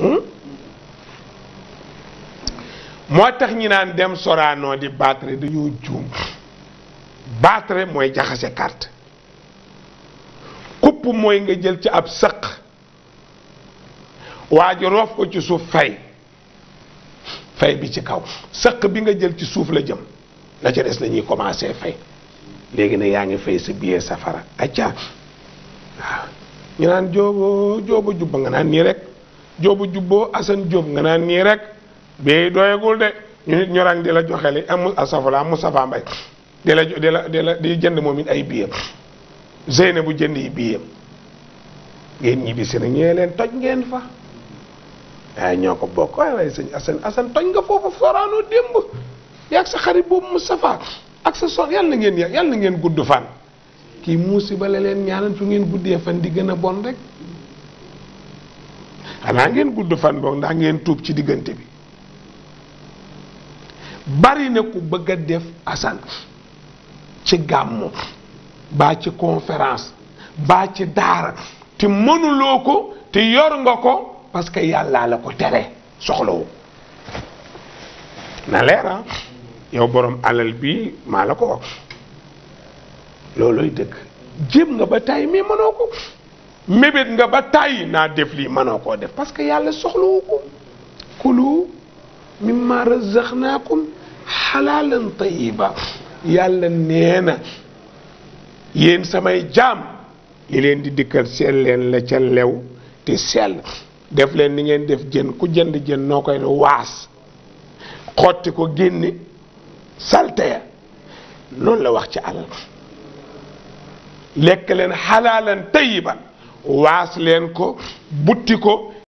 Hmm? moo tax ñi naan dem soraanoo di battre dañoo juum battre mooy jaxase carte kupp mooy nga jël ci ab sëq waa roof ko ci suuf fay fay bi ci kaw sëq bi nga jël ci suuf la jëm la ci des lañuy commencé fay léegi nag yaa ngi fay sa billet safara acca waaw ñu naan joobo joobo jubba nga naan nii rek jóobu jubboo Assane jóob nga naan nii rek bii doyagul de ñu nit di la joxe li am asafala Moustapha Mbaye di la di la di la di jënd moom it ay biyam Zeyna bu jënd yi biyam ngeen ñibbi si na ñee leen toj ngeen fa waaye ñoo ko bokk waaye waaye sëñ Assane Assane toj nga foofu soraanoo démb yaag sa xarit boobu Moustapha ak sa so yal na ngeen yàlla na ngeen gudd fan kii muusi ba la leen ñaanal fu ngeen guddee fan di gën a bon rek xanaa ngeen gudd fan boog ndax ngeen tuub ci diggante bi bari na ku bëgg a def asan ci gàmmu baa ci conférence baa ci daara ti mënuloo ko te yor nga ko parce que yàlla la ko tere soxlawu na leera ah? yow borom alal bi maa la ko wax looloy dëgg jéem nga ba tay mais ko mébét nga ba tàyyi naa def lii mënoo koo def parce que yàlla soxlawu ko kulu mimma razaqnaakum xalaalan tayiba yàlla nee na yéen samay jaam yi leen di dikkal seel leen la ca lew te sell def leen ni ngeen def jën ku jënd jën noo koy waas xotti ko génne salte ya loolu la wax ci alal lekk leen xalaalan tayiba waas leen ko butti ko